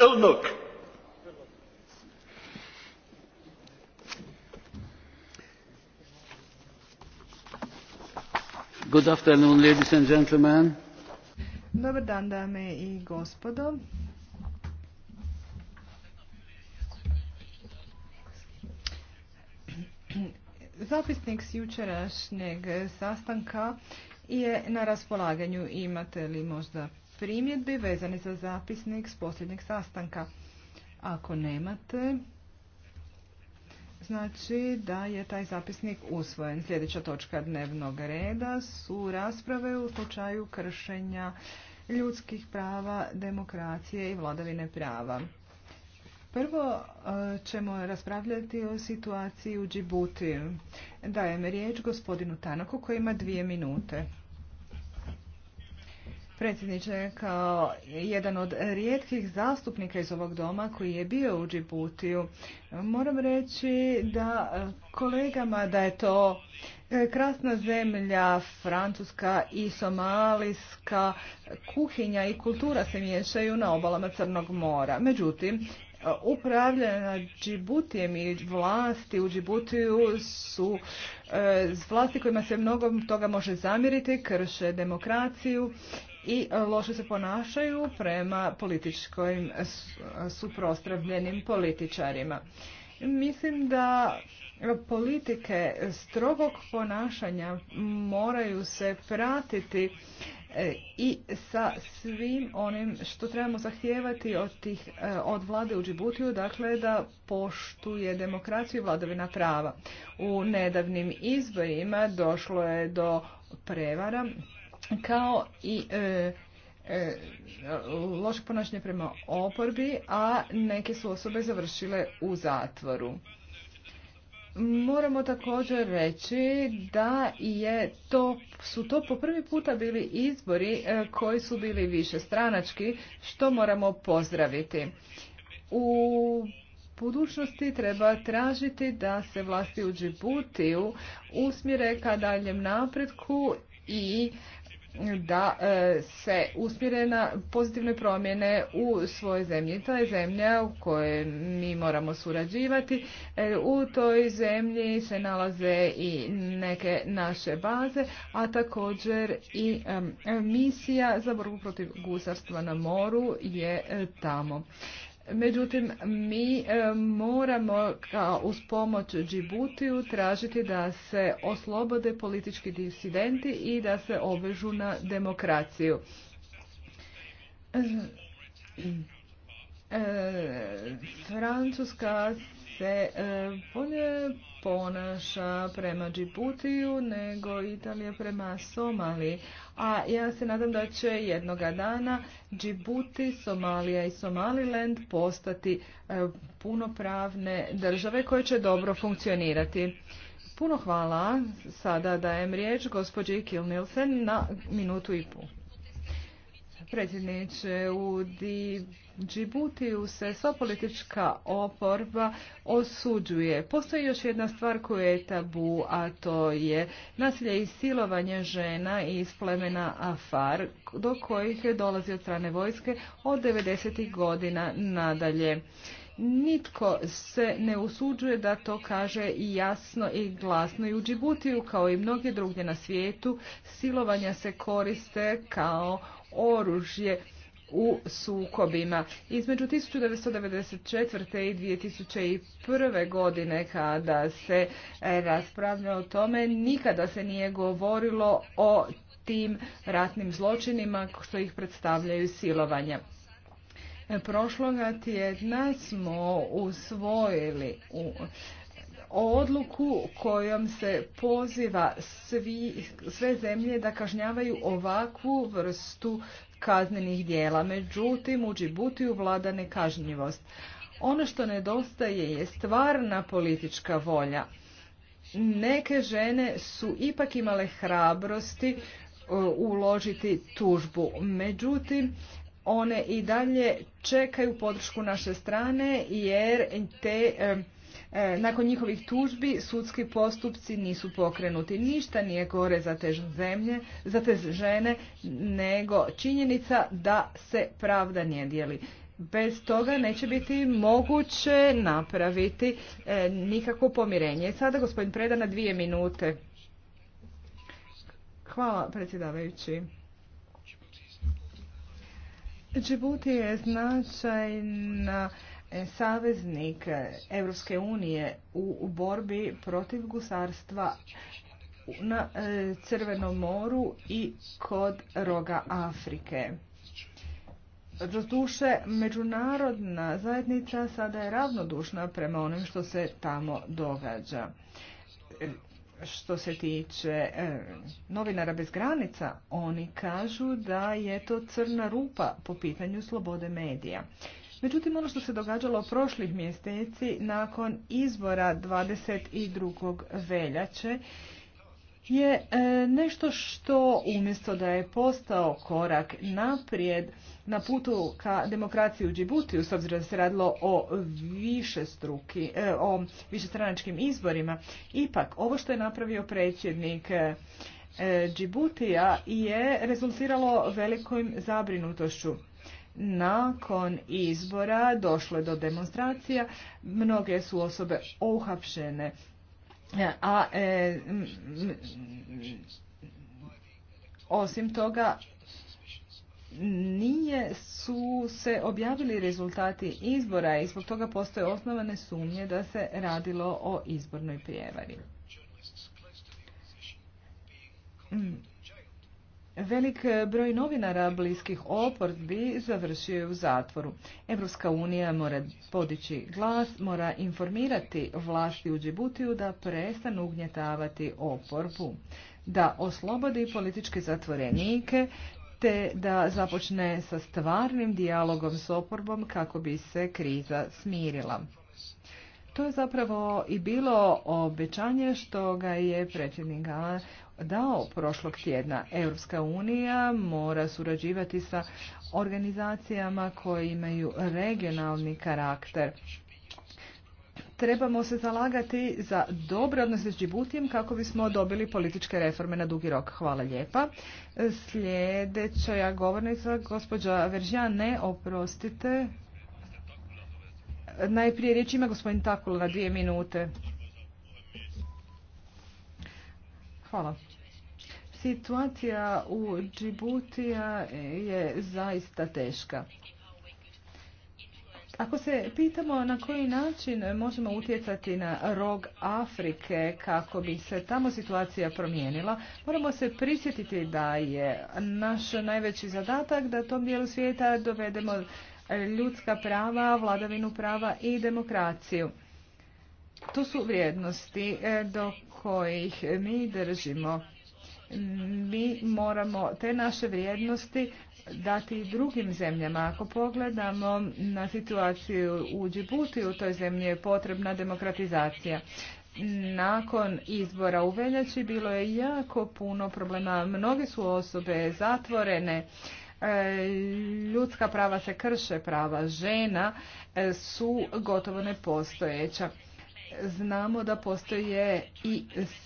Dobar dan, dame i gospodo. Zapisnik s jučerašnjeg sastanka je na raspolaganju. Imate li možda primjedbi vezani za zapisnik s posljednjeg sastanka. Ako nemate, znači da je taj zapisnik usvojen. Sljedeća točka dnevnog reda su rasprave u slučaju kršenja ljudskih prava, demokracije i vladavine prava. Prvo e, ćemo raspravljati o situaciji u Džibuti. Dajem riječ gospodinu Tanaku koji ima dvije minute predsjedniče, kao jedan od rijetkih zastupnika iz ovog doma koji je bio u Džibutiju, moram reći da kolegama da je to e, krasna zemlja, francuska i somalijska kuhinja i kultura se miješaju na obalama Crnog mora. Međutim, upravljena Džibutijem i vlasti u Džibutiju su e, vlasti kojima se mnogo toga može zamiriti, krše demokraciju i e, loše se ponašaju prema političkim suprotstavljenim političarima. Mislim da politike strogog ponašanja moraju se pratiti e, i sa svim onim što trebamo zahtijevati od, tih, e, od vlade u Džibutiju, dakle da poštuje demokraciju i vladavina prava. U nedavnim izborima došlo je do prevara kao i e, e, ponašanje prema oporbi, a neke su osobe završile u zatvoru. Moramo također reći da je to, su to po prvi puta bili izbori e, koji su bili više stranački, što moramo pozdraviti. U budućnosti treba tražiti da se vlasti u Džibutiju usmjere ka daljem napretku i da e, se usmjere na pozitivne promjene u svojoj zemlji. To je zemlja u kojoj mi moramo surađivati. E, u toj zemlji se nalaze i neke naše baze, a također i misija za borbu protiv gusarstva na moru je e, tamo. Međutim, mi e, moramo kao uz pomoć Džibutiju tražiti da se oslobode politički disidenti i da se obvežu na demokraciju. E, Francuska se e, bolje ponaša prema Džibutiju nego Italija prema Somaliji. A ja se nadam da će jednoga dana Džibuti, Somalija i Somaliland postati e, punopravne države koje će dobro funkcionirati. Puno hvala. Sada dajem riječ gospođi Kilnilsen na minutu i pol predsjedniče. U Džibutiju se sva politička oporba osuđuje. Postoji još jedna stvar koja je tabu, a to je nasilje i silovanje žena iz plemena Afar, do kojih je dolazi od strane vojske od 90. godina nadalje. Nitko se ne usuđuje da to kaže i jasno i glasno. I u Džibutiju, kao i mnoge drugdje na svijetu, silovanja se koriste kao oružje u sukobima. Između 1994. i 2001. godine kada se e, raspravlja o tome, nikada se nije govorilo o tim ratnim zločinima što ih predstavljaju silovanja. Prošloga tjedna smo usvojili odluku kojom se poziva sve zemlje da kažnjavaju ovakvu vrstu kaznenih dijela. Međutim, u Džibutiju vlada nekažnjivost. Ono što nedostaje je stvarna politička volja. Neke žene su ipak imale hrabrosti e, uložiti tužbu. Međutim, one i dalje čekaju podršku naše strane jer te e, nakon njihovih tužbi sudski postupci nisu pokrenuti. Ništa nije gore za te zemlje, za te žene nego činjenica da se pravda nije dijeli. Bez toga neće biti moguće napraviti nikako e, nikakvo pomirenje. Sada gospodin Predana na dvije minute. Hvala predsjedavajući. Džibuti je značajna e, saveznik Europske unije u borbi protiv gusarstva na e, Crvenom moru i kod roga Afrike. Doduše, međunarodna zajednica sada je ravnodušna prema onim što se tamo događa što se tiče e, novinara bez granica, oni kažu da je to crna rupa po pitanju slobode medija. Međutim, ono što se događalo prošlih mjeseci nakon izbora 22. veljače je e, nešto što umjesto da je postao korak naprijed na putu ka demokraciji u Džibutiju, s obzirom da se radilo o više struki, e, o višestranačkim izborima, ipak ovo što je napravio predsjednik e, Džibutija je rezultiralo velikom zabrinutošću. Nakon izbora došlo je do demonstracija, mnoge su osobe ohapšene, E, a e, osim toga, nije su se objavili rezultati izbora i zbog toga postoje osnovane sumnje da se radilo o izbornoj prijevari. Mm, Velik e, broj novinara bliskih oporbi završio je u zatvoru. Evropska unija mora podići glas, mora informirati vlasti u Džibutiju da prestanu ugnjetavati oporbu, da oslobodi političke zatvorenike, te da započne sa stvarnim dijalogom s oporbom kako bi se kriza smirila. To je zapravo i bilo obećanje što ga je predsjednik dao prošlog tjedna. Europska unija mora surađivati sa organizacijama koje imaju regionalni karakter. Trebamo se zalagati za dobro odnose s Džibutijem kako bismo dobili političke reforme na dugi rok. Hvala lijepa. Sljedeća govornica, gospođa Veržijan, ne, oprostite. Najprije riječ ima gospodin Takula na dvije minute. Hvala. Situacija u Džibutija je zaista teška. Ako se pitamo na koji način možemo utjecati na rog Afrike kako bi se tamo situacija promijenila, moramo se prisjetiti da je naš najveći zadatak da tom dijelu svijeta dovedemo ljudska prava, vladavinu prava i demokraciju. To su vrijednosti eh, do kojih mi držimo mi moramo te naše vrijednosti dati i drugim zemljama. Ako pogledamo na situaciju u Džibuti, u toj zemlji je potrebna demokratizacija. Nakon izbora u Veljači bilo je jako puno problema. Mnoge su osobe zatvorene, e, ljudska prava se krše, prava žena e, su gotovo nepostojeća znamo da postoje i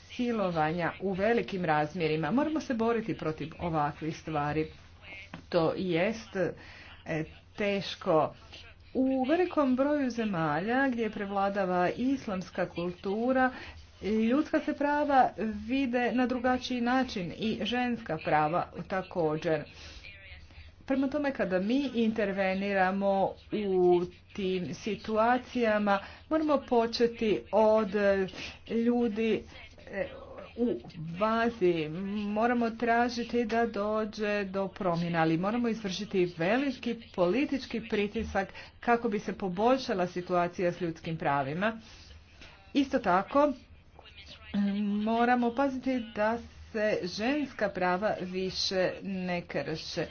silovanja u velikim razmjerima. Moramo se boriti protiv ovakvih stvari. To jest e, teško. U velikom broju zemalja gdje prevladava islamska kultura, ljudska se prava vide na drugačiji način i ženska prava također. Prema tome, kada mi interveniramo u tim situacijama, moramo početi od ljudi e, u bazi. Moramo tražiti da dođe do promjena, ali moramo izvršiti veliki politički pritisak kako bi se poboljšala situacija s ljudskim pravima. Isto tako, moramo paziti da se ženska prava više ne krše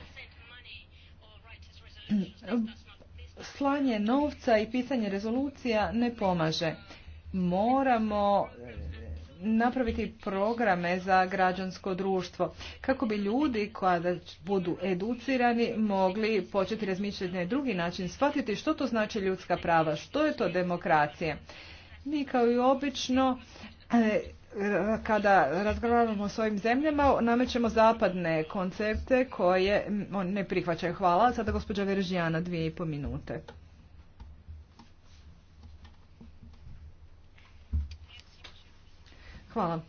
slanje novca i pisanje rezolucija ne pomaže. Moramo eh, napraviti programe za građansko društvo kako bi ljudi kada budu educirani mogli početi razmišljati na drugi način, shvatiti što to znači ljudska prava, što je to demokracija. Mi kao i obično eh, kada razgovaramo o svojim zemljama, namećemo zapadne koncepte koje ne prihvaćaju. Hvala. Sada gospođa Veržijana, dvije i po minute. Hvala.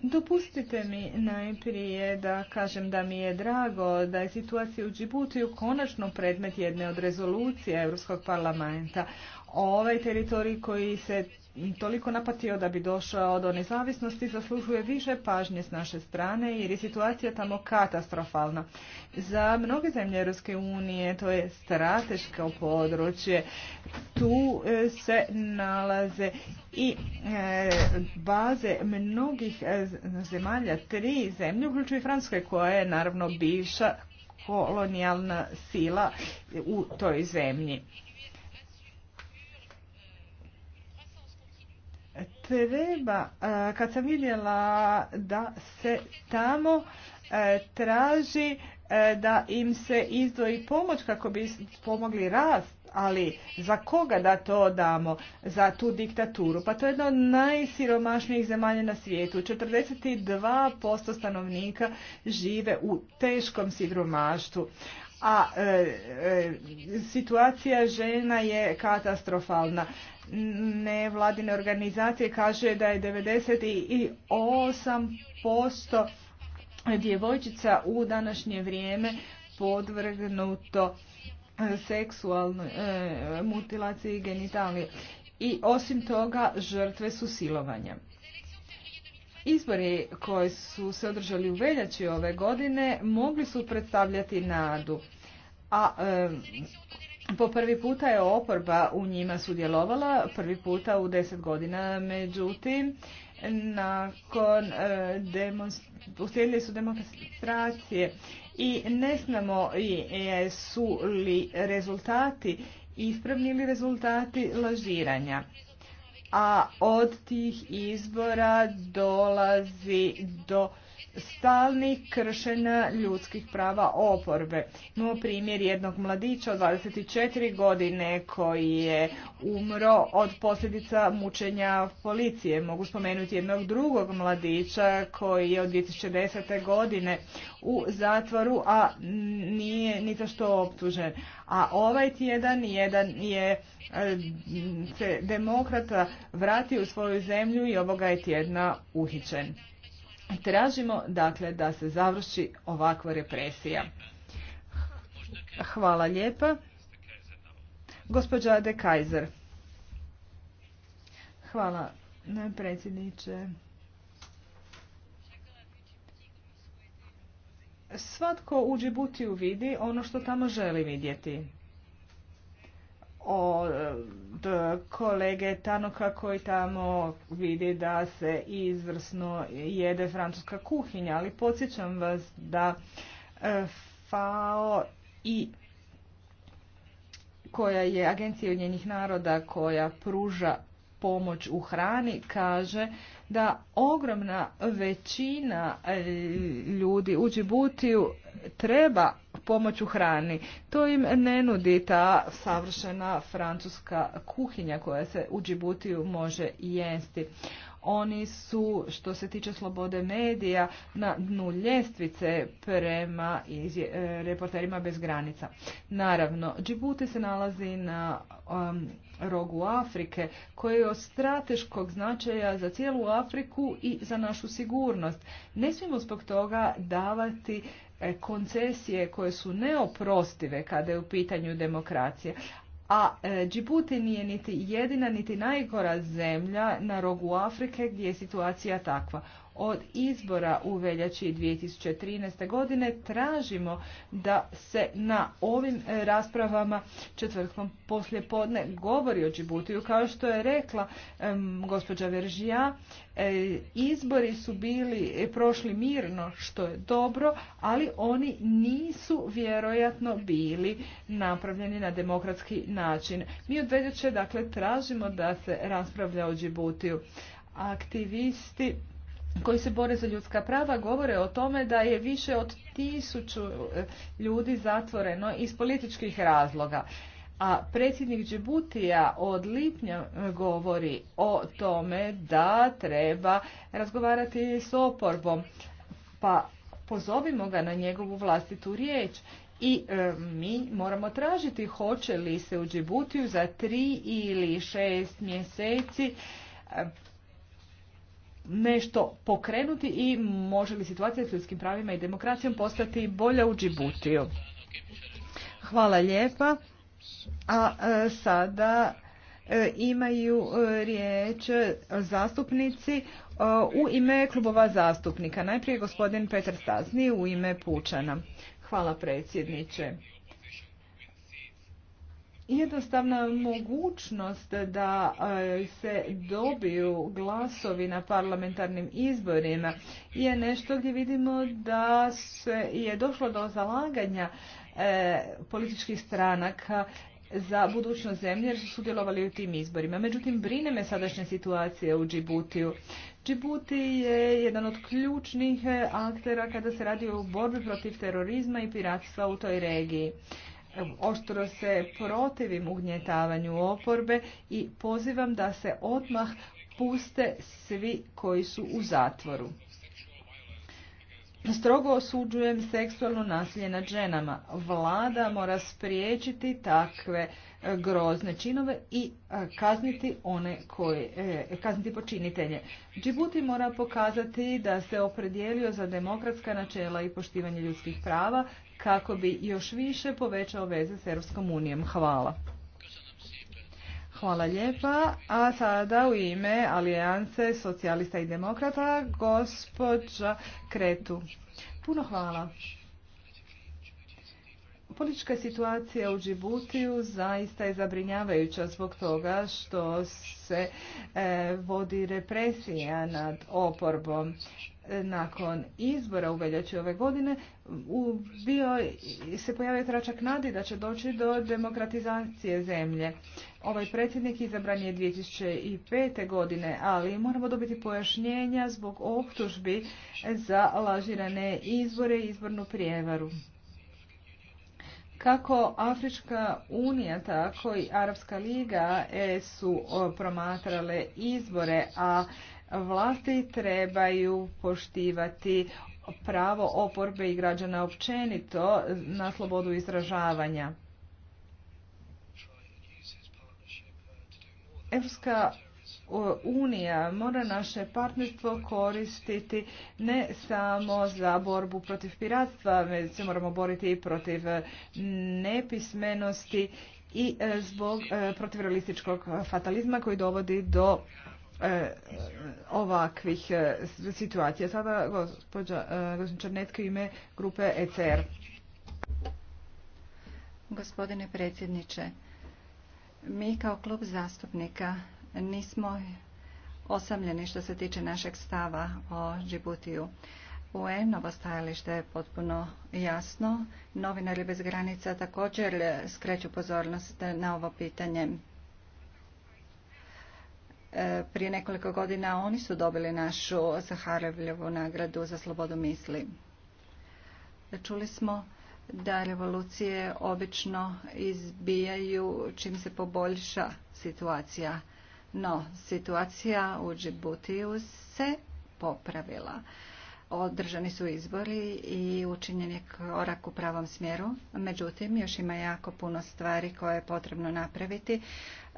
Dopustite mi najprije da kažem da mi je drago da je situacija u Džibutiju konačno predmet jedne od rezolucija Europskog parlamenta. Ovaj teritorij koji se toliko napatio da bi došao do nezavisnosti zaslužuje više pažnje s naše strane jer je situacija tamo katastrofalna. Za mnoge zemlje Europske unije to je strateško područje. Tu e, se nalaze i e, baze mnogih e, zemalja, tri zemlje, uključuju Francuske koja je naravno bivša kolonijalna sila u toj zemlji. treba, kad sam vidjela da se tamo e, traži e, da im se izdvoji pomoć kako bi pomogli rast, ali za koga da to damo? Za tu diktaturu. Pa to je jedna od najsiromašnijih zemalja na svijetu. 42% stanovnika žive u teškom siromaštvu a e, e, situacija žena je katastrofalna. Nevladine organizacije kaže da je 98% djevojčica u današnje vrijeme podvrgnuto e, seksualnoj e, mutilaciji genitalije. I osim toga žrtve su silovanja. Izbori koji su se održali u veljači ove godine mogli su predstavljati nadu a po prvi puta je oporba u njima sudjelovala, prvi puta u deset godina, međutim, nakon uslijedili eh, su demonstracije i ne znamo su li rezultati ispravni ili rezultati lažiranja. A od tih izbora dolazi do stalnih kršenja ljudskih prava oporbe. Imamo primjer jednog mladića od 24 godine koji je umro od posljedica mučenja policije. Mogu spomenuti jednog drugog mladića koji je od 2010. godine u zatvoru, a nije ni za što optužen. A ovaj tjedan jedan je e, se demokrata vrati u svoju zemlju i ovoga je tjedna uhićen. Tražimo dakle da se završi ovakva represija. Hvala lijepa. Gospođa De Kaiser. Hvala predsjedniče. Svatko u Džibutiju vidi ono što tamo želi vidjeti. O kolege Tanoka koji tamo vidi da se izvrsno jede francuska kuhinja, ali podsjećam vas da e, FAO i koja je agencija njenih naroda koja pruža pomoć u hrani kaže da ogromna većina e, ljudi u Džibutiju treba pomoć u hrani. To im ne nudi ta savršena francuska kuhinja koja se u Džibutiju može jesti. Oni su, što se tiče slobode medija, na dnu ljestvice prema e, reporterima bez granica. Naravno, Djibouti se nalazi na um, rogu Afrike, koji je od strateškog značaja za cijelu Afriku i za našu sigurnost. Ne smijemo zbog toga davati e, koncesije koje su neoprostive kada je u pitanju demokracije a e, Džibuti nije niti jedina niti najgora zemlja na rogu Afrike gdje je situacija takva od izbora u veljači 2013. godine tražimo da se na ovim e, raspravama četvrtkom podne govori o Džibutiju. Kao što je rekla gospođa Veržija, e, izbori su bili e, prošli mirno, što je dobro, ali oni nisu vjerojatno bili napravljeni na demokratski način. Mi od veljače dakle tražimo da se raspravlja o Džibutiju. Aktivisti koji se bore za ljudska prava govore o tome da je više od tisuću e, ljudi zatvoreno iz političkih razloga. A predsjednik Džibutija od lipnja e, govori o tome da treba razgovarati s oporbom. Pa pozovimo ga na njegovu vlastitu riječ. I e, mi moramo tražiti hoće li se u Džibutiju za tri ili šest mjeseci nešto pokrenuti i može li situacija s ljudskim pravima i demokracijom postati bolja u Džibutiju. Hvala lijepa. A e, sada e, imaju e, riječ zastupnici u ime klubova zastupnika. Najprije gospodin Petar Stazni u ime Pučana. Hvala predsjedniče jednostavna mogućnost da e, se dobiju glasovi na parlamentarnim izborima je nešto gdje vidimo da se je došlo do zalaganja e, političkih stranaka za budućnost zemlje jer su sudjelovali u tim izborima. Međutim, brine me sadašnja situacija u Džibutiju. Džibuti je jedan od ključnih e, aktera kada se radi o borbi protiv terorizma i piratstva u toj regiji oštro se protivim ugnjetavanju oporbe i pozivam da se odmah puste svi koji su u zatvoru. Strogo osuđujem seksualno nasilje nad ženama. Vlada mora spriječiti takve e, grozne činove i e, kazniti one e, kazniti počinitelje. Džibuti mora pokazati da se opredijelio za demokratska načela i poštivanje ljudskih prava kako bi još više povećao veze s Europskom unijom. Hvala. Hvala lijepa. A sada u ime Alijance socijalista i demokrata gospođa Kretu. Puno hvala. Politička situacija u Džibutiju zaista je zabrinjavajuća zbog toga što se e, vodi represija nad oporbom nakon izbora u veljači ove godine bio se pojavio tračak nadi da će doći do demokratizacije zemlje. Ovaj predsjednik izabran je 2005. godine, ali moramo dobiti pojašnjenja zbog optužbi za lažirane izbore i izbornu prijevaru. Kako Afrička unija, tako i Arapska liga e, su promatrale izbore, a Vlasti trebaju poštivati pravo oporbe i građana općenito na slobodu izražavanja. Evropska unija mora naše partnerstvo koristiti ne samo za borbu protiv piratstva, već se moramo boriti i protiv nepismenosti i e, zbog e, protiv realističkog fatalizma koji dovodi do E, ovakvih e, situacija. Sada gospođa u e, ime grupe ECR. Gospodine predsjedniče, mi kao klub zastupnika nismo osamljeni što se tiče našeg stava o Džibutiju. UN-ovo stajalište je potpuno jasno. Novinari bez granica također skreću pozornost na ovo pitanje. E, prije nekoliko godina oni su dobili našu Saharevljevu nagradu za slobodu misli. E, čuli smo da revolucije obično izbijaju čim se poboljša situacija. No, situacija u Džibutiju se popravila održani su izbori i učinjen je korak u pravom smjeru. Međutim, još ima jako puno stvari koje je potrebno napraviti.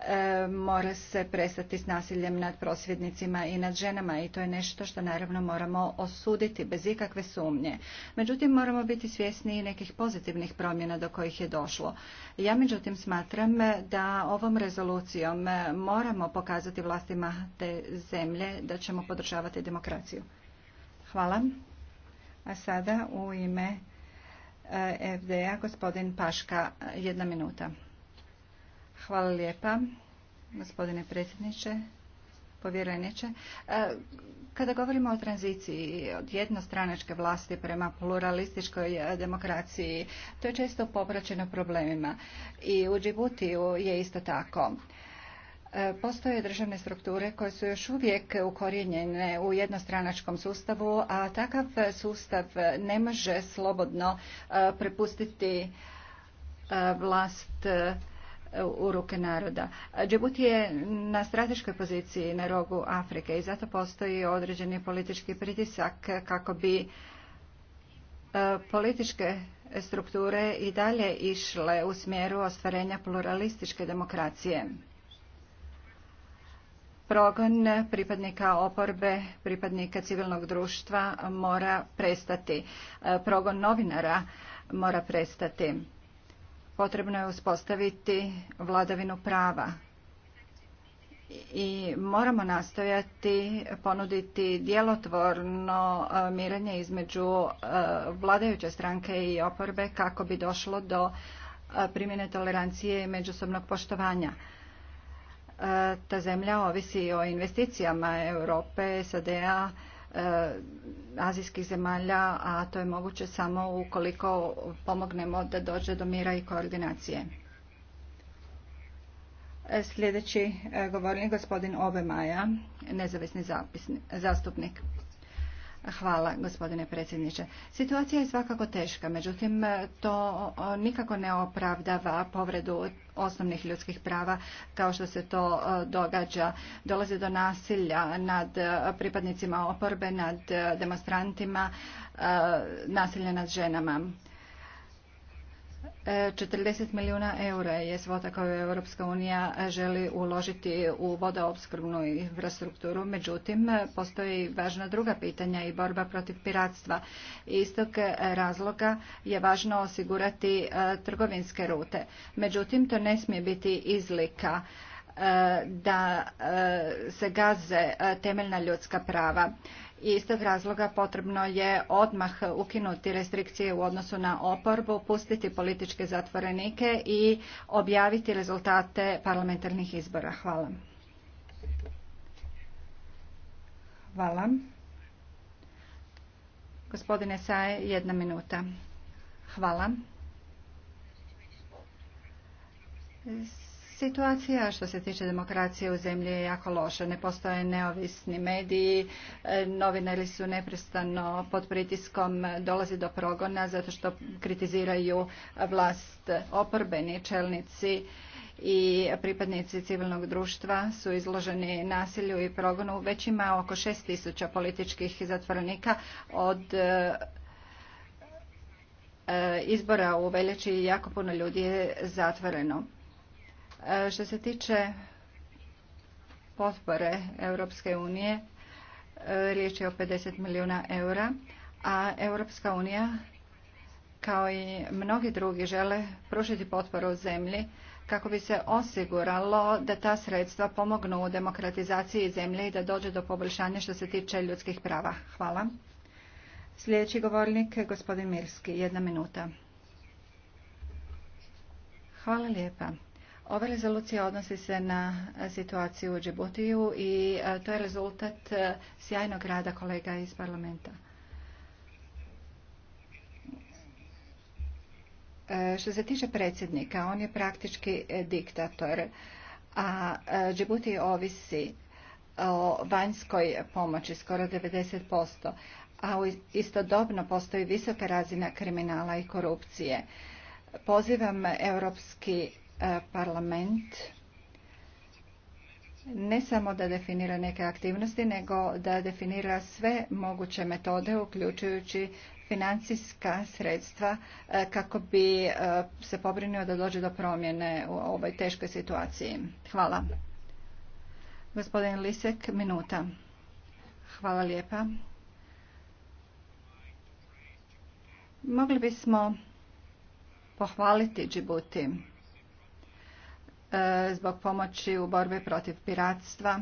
E, mora se prestati s nasiljem nad prosvjednicima i nad ženama i to je nešto što naravno moramo osuditi bez ikakve sumnje. Međutim, moramo biti svjesni i nekih pozitivnih promjena do kojih je došlo. Ja međutim smatram da ovom rezolucijom moramo pokazati vlastima te zemlje da ćemo podržavati demokraciju. Hvala. A sada u ime e, FDA gospodin Paška, jedna minuta. Hvala lijepa, gospodine predsjedniče, povjereniče. E, kada govorimo o tranziciji od jednostranačke vlasti prema pluralističkoj e, demokraciji, to je često popraćeno problemima. I u Džibutiju je isto tako. E, postoje državne strukture koje su još uvijek ukorijenjene u jednostranačkom sustavu, a takav sustav ne može slobodno e, prepustiti e, vlast u ruke naroda. Djibouti je na strateškoj poziciji na rogu Afrike i zato postoji određeni politički pritisak kako bi političke strukture i dalje išle u smjeru ostvarenja pluralističke demokracije progon pripadnika oporbe, pripadnika civilnog društva mora prestati. E, progon novinara mora prestati. Potrebno je uspostaviti vladavinu prava i moramo nastojati ponuditi djelotvorno e, mirenje između e, vladajuće stranke i oporbe kako bi došlo do primjene tolerancije i međusobnog poštovanja. E, ta zemlja ovisi o investicijama Europe, SAD-a, e, azijskih zemalja, a to je moguće samo ukoliko pomognemo da dođe do mira i koordinacije. E, sljedeći govornik gospodin Ove Maja, nezavisni zastupnik. Hvala, gospodine predsjedniče. Situacija je svakako teška, međutim, to nikako ne opravdava povredu osnovnih ljudskih prava kao što se to događa. Dolazi do nasilja nad e, pripadnicima oporbe, nad e, demonstrantima, e, nasilja nad ženama. 40 milijuna eura je svota koju Europska unija želi uložiti u vodoopskrbnu infrastrukturu. Međutim, postoji važna druga pitanja i borba protiv piratstva. Iz tog razloga je važno osigurati e, trgovinske rute. Međutim, to ne smije biti izlika e, da e, se gaze temeljna ljudska prava i iz tog razloga potrebno je odmah ukinuti restrikcije u odnosu na oporbu, pustiti političke zatvorenike i objaviti rezultate parlamentarnih izbora. Hvala. Hvala. Gospodine Saje, jedna minuta. Hvala. Situacija što se tiče demokracije u zemlji je jako loša. Ne postoje neovisni mediji, e, novinari su neprestano pod pritiskom, dolazi do progona zato što kritiziraju vlast oporbeni čelnici i pripadnici civilnog društva su izloženi nasilju i progonu. Već ima oko 6000 političkih zatvorenika od e, e, izbora u veljači jako puno ljudi je zatvoreno. E, što se tiče potpore Europske unije, e, riječ je o 50 milijuna eura, a Europska unija kao i mnogi drugi žele pružiti potporu zemlji kako bi se osiguralo da ta sredstva pomognu u demokratizaciji zemlje i da dođe do poboljšanja što se tiče ljudskih prava. Hvala. Sljedeći govornik je gospodin Mirski. Jedna minuta. Hvala lijepa. Ova rezolucija odnosi se na situaciju u Džibutiju i e, to je rezultat e, sjajnog rada kolega iz parlamenta. E, što se tiče predsjednika, on je praktički diktator, a Džibuti ovisi o vanjskoj pomoći, skoro 90%, a istodobno postoji visoka razina kriminala i korupcije. Pozivam Europski E, parlament ne samo da definira neke aktivnosti, nego da definira sve moguće metode, uključujući financijska sredstva, e, kako bi e, se pobrinio da dođe do promjene u ovoj teškoj situaciji. Hvala. Gospodin Lisek, minuta. Hvala lijepa. Mogli bismo pohvaliti Djibuti E, zbog pomoći u borbi protiv piratstva,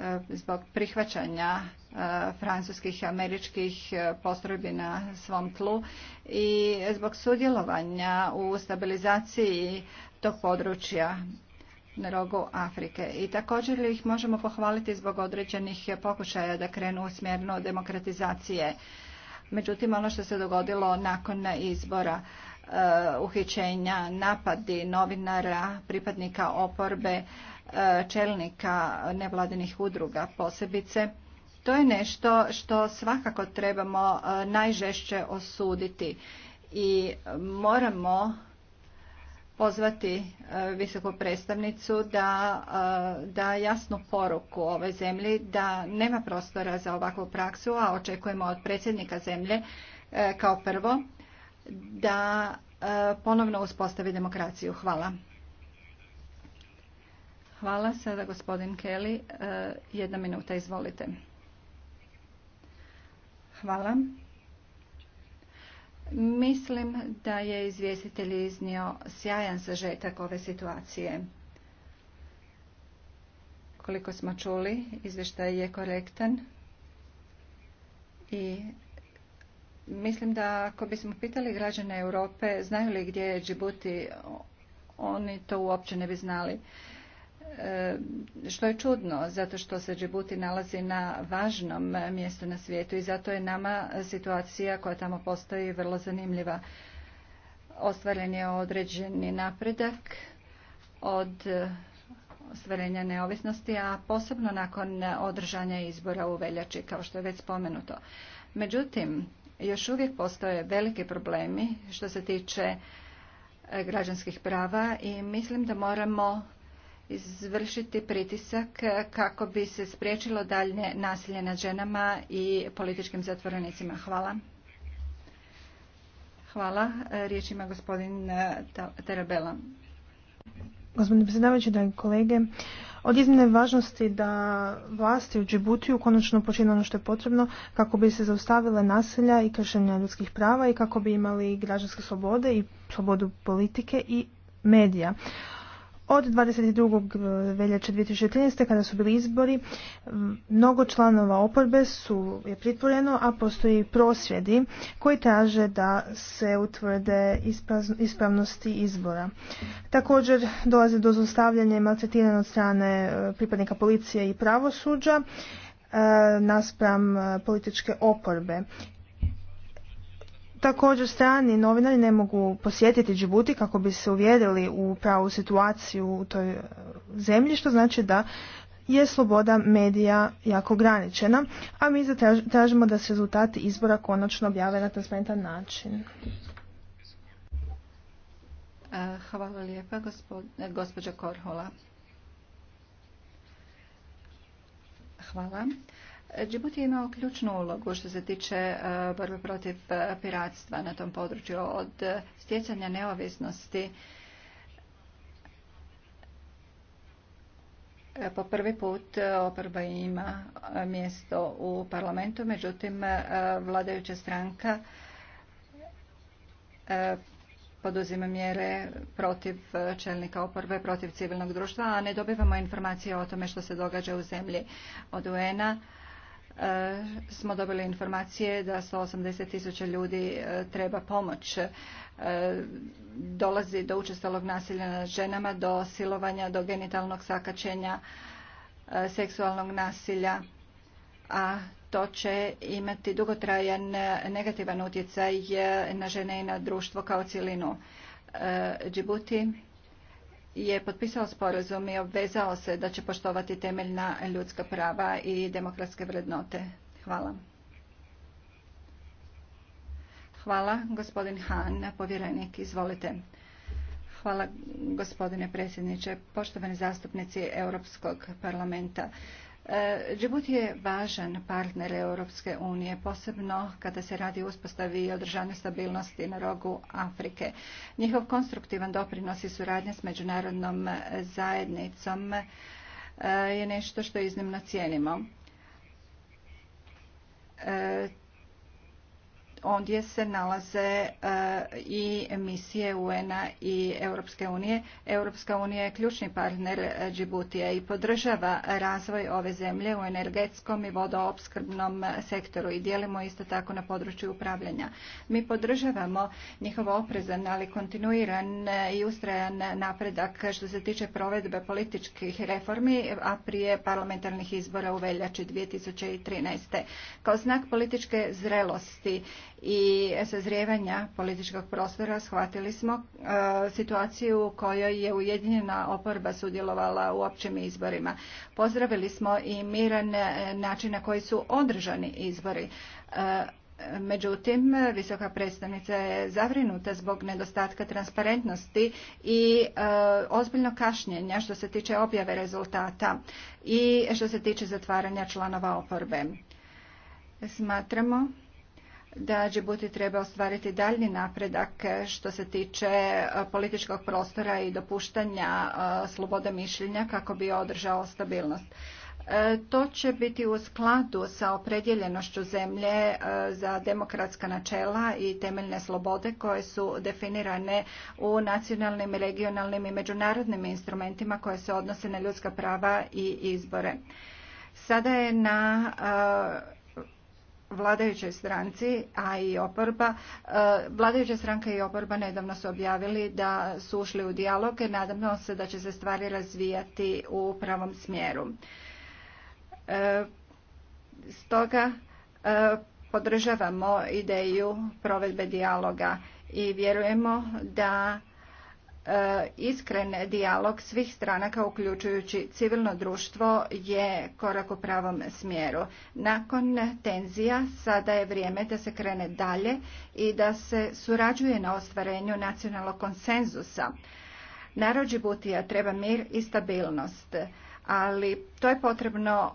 e, zbog prihvaćanja e, francuskih i američkih postrojbi na svom tlu i zbog sudjelovanja u stabilizaciji tog područja na rogu Afrike. I također ih možemo pohvaliti zbog određenih pokušaja da krenu u smjernu demokratizacije. Međutim, ono što se dogodilo nakon izbora Eh, uhićenja, napadi novinara, pripadnika oporbe, eh, čelnika nevladinih udruga posebice. To je nešto što svakako trebamo eh, najžešće osuditi i moramo pozvati visoku predstavnicu da da jasnu poruku ovoj zemlji da nema prostora za ovakvu praksu, a očekujemo od predsjednika zemlje kao prvo da e, ponovno uspostavi demokraciju. Hvala. Hvala. Sada gospodin Kelly. E, jedna minuta, izvolite. Hvala. Mislim da je izvjestitelj iznio sjajan sažetak ove situacije. Koliko smo čuli, izvještaj je korektan i Mislim da ako bismo pitali građane Europe znaju li gdje je Džibuti, oni to uopće ne bi znali. E, što je čudno, zato što se Džibuti nalazi na važnom mjestu na svijetu i zato je nama situacija koja tamo postoji vrlo zanimljiva. Ostvaren je određeni napredak od ostvarenja neovisnosti, a posebno nakon održanja izbora u veljači, kao što je već spomenuto. Međutim, još uvijek postoje veliki problemi što se tiče e, građanskih prava i mislim da moramo izvršiti pritisak kako bi se spriječilo daljnje nasilje nad ženama i političkim zatvorenicima. Hvala. Hvala. Riječ ima gospodin e, Terabela. Gospodine predsjedavajući, dragi kolege, od iznimne važnosti da vlasti u Džibutiju konačno počine ono što je potrebno kako bi se zaustavile nasilja i kršenja ljudskih prava i kako bi imali građanske slobode i slobodu politike i medija. Od 22. veljače 2013. kada su bili izbori, mnogo članova oporbe su je pritvoreno, a postoji prosvjedi koji traže da se utvrde ispravnosti izbora. Također dolazi do zostavljanja i maltretiranja od strane e, pripadnika policije i pravosuđa e, naspram e, političke oporbe. Također strani novinari ne mogu posjetiti Džibuti kako bi se uvjerili u pravu situaciju u toj e, zemlji, što znači da je sloboda medija jako ograničena, a mi tražimo da se rezultati izbora konačno objave na transparentan način. E, hvala lijepa, e, gospođa Korhola. Hvala. Djibouti je imao ključnu ulogu što se tiče e, borbe protiv e, piratstva na tom području od stjecanja neovisnosti. E, po prvi put oporba ima mjesto u parlamentu, međutim vladajuća stranka poduzima mjere protiv čelnika oporbe, protiv civilnog društva, a ne dobivamo informacije o tome što se događa u zemlji od UN-a. E, smo dobili informacije da 180 tisuća ljudi e, treba pomoć. E, dolazi do učestalog nasilja nad ženama, do silovanja, do genitalnog sakačenja, seksualnog nasilja, a to će imati dugotrajan negativan utjecaj na žene i na društvo kao cjelinu. Džibuti je potpisao sporazum i obvezao se da će poštovati temeljna ljudska prava i demokratske vrednote. Hvala. Hvala, gospodin Han, povjerenik, izvolite. Hvala, gospodine predsjedniče, poštovani zastupnici Europskog parlamenta. E, Džibuti je važan partner Europske unije, posebno kada se radi o uspostavi i održanju stabilnosti na rogu Afrike. Njihov konstruktivan doprinos i suradnja s međunarodnom zajednicom e, je nešto što iznimno cijenimo e, Ondje se nalaze e, i misije UN-a i Europske unije. Europska unija je ključni partner Džibutija i podržava razvoj ove zemlje u energetskom i vodoopskrbnom sektoru i dijelimo isto tako na području upravljanja. Mi podržavamo njihov oprezan, ali kontinuiran i ustrajan napredak što se tiče provedbe političkih reformi, a prije parlamentarnih izbora u veljači 2013. Kao znak političke zrelosti i sazrijevanja političkog prostora shvatili smo e, situaciju u kojoj je ujedinjena oporba sudjelovala u općim izborima. Pozdravili smo i miran e, način na koji su održani izbori. E, međutim, visoka predstavnica je zavrinuta zbog nedostatka transparentnosti i ozbiljno kašnjenja što se tiče objave rezultata i što se tiče zatvaranja članova oporbe. Smatramo da Džibuti treba ostvariti daljni napredak što se tiče e, političkog prostora i dopuštanja e, slobode mišljenja kako bi održao stabilnost. E, to će biti u skladu sa opredjeljenošću zemlje za demokratska načela i temeljne slobode koje su definirane u nacionalnim, regionalnim i međunarodnim instrumentima koje se odnose na ljudska prava i izbore. Sada je na vladajućoj stranci, a i oporba, e, vladajuća stranka i oporba nedavno su objavili da su ušli u dijalog. Nadamo se da će se stvari razvijati u pravom smjeru. E, stoga e, podržavamo ideju provedbe dijaloga i vjerujemo da E, iskren dijalog svih stranaka uključujući civilno društvo je korak u pravom smjeru. Nakon tenzija sada je vrijeme da se krene dalje i da se surađuje na ostvarenju nacionalnog konsenzusa. Narod butija treba mir i stabilnost ali to je potrebno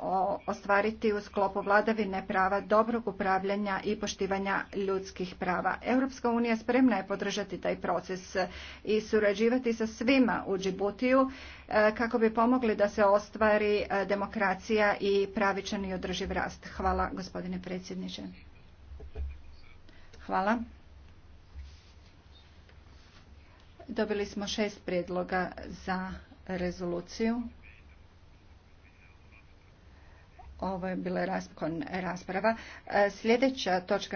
ostvariti u sklopu vladavine prava, dobrog upravljanja i poštivanja ljudskih prava. Europska unija spremna je podržati taj proces i surađivati sa svima u Džibutiju e, kako bi pomogli da se ostvari e, demokracija i pravičan i održiv rast. Hvala gospodine predsjedniče. Hvala. Dobili smo šest prijedloga za rezoluciju. Ovo je bila raspon rasprava. E, sljedeća točka